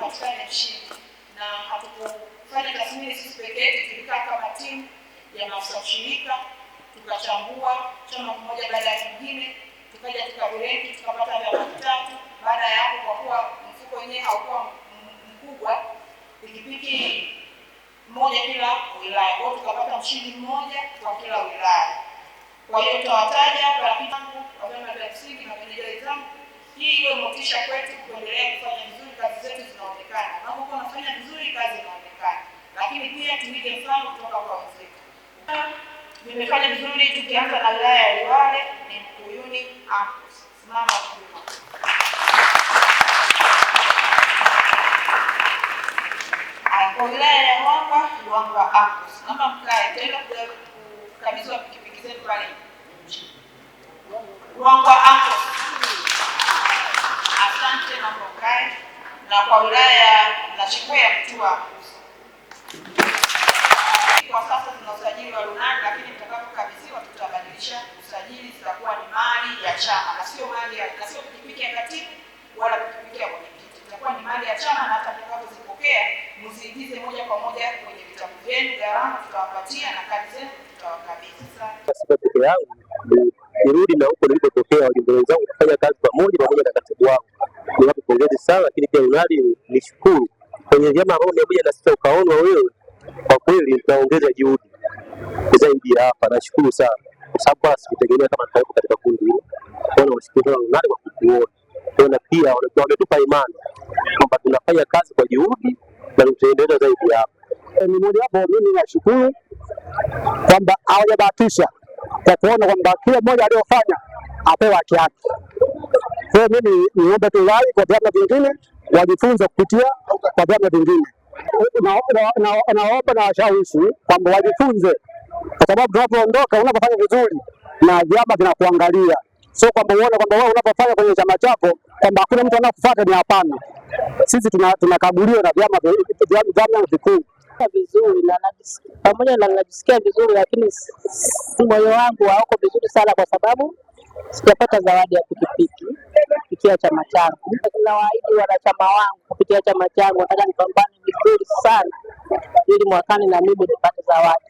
hakupatikana ni mshindi, na hakukufanya tathmini sisi peke tulikaa kama timu ya maafisa ushirika tukachambua chama kimoja baada ya kingine, tukaja tukavirenki, tukapata vyama vitatu. Baada ya hapo, kwa kuwa mfuko wenyewe haukuwa mkubwa, pikipiki mmoja kila wilaya, kwao tukapata mshindi mmoja kwa kila wilaya. Kwa hiyo tutawataja hapa, lakini kwa vyama vya msingi na meneja wenzangu, hii iwe motisha kwetu kuendelea pia tuige mfano kutoka kwa mzee. Ah, nimefanya vizuri tukianza na wilaya ya Liwale ni Mkuyuni Campus. Simama ah, Kwa wilaya ya Naomba mkae tena kukabidhiwa pikipiki zetu pale. Asante na mkae na kwa wilaya ya Nachingwea chama na sio mali ya na sio pikipiki ya katibu wala pikipiki ya mwenyekiti, itakuwa ni mali ya chama, na hata mtakapozipokea mziingize moja kwa moja kwenye vitabu vyenu, gharama tutawapatia na kadi zenu tutawakabidhi. Sasa peke yangu nirudi na huko nilipotokea, wajumbe wenzangu kufanya kazi pamoja pamoja na katibu wao, niwape pongezi sana, lakini pia unali nishukuru kwenye vyama ambao umekuja na sasa ukaona wewe, kwa kweli tunaongeza juhudi zaidi hapa. Nashukuru sana kwa sababu sikutegemea kama nitakuwa katika kundi hilo wale wasikilizaji wangu nani wakutuona na pia wanakuwa wametupa imani kwamba tunafanya kazi kwa juhudi na tutaendelea zaidi hapo. Eh, ni moja wapo, mimi nashukuru kwamba hawajabahatisha kwa kuona kwamba kila mmoja aliyofanya apewa haki yake. Kwa mimi niombe tu wai kwa vyama vingine wajifunze kupitia kwa vyama vingine, naomba na washawishi kwamba wajifunze, kwa sababu tunapoondoka, unapofanya vizuri na vyama vinakuangalia sio kwamba uone kwamba wewe unavyofanya kwenye chama chako kwamba hakuna mtu anakufuata. Ni hapana, sisi tunakaguliwa na vyama vikuu vizuri na pamoja na najisikia vizuri, lakini moyo wangu hauko vizuri sana, kwa sababu sijapata zawadi ya pikipiki kupitia chama changu. Nawaahidi wanachama wangu kupitia chama changu, nataka nipambane vizuri sana ili mwakani na mimi nipate zawadi.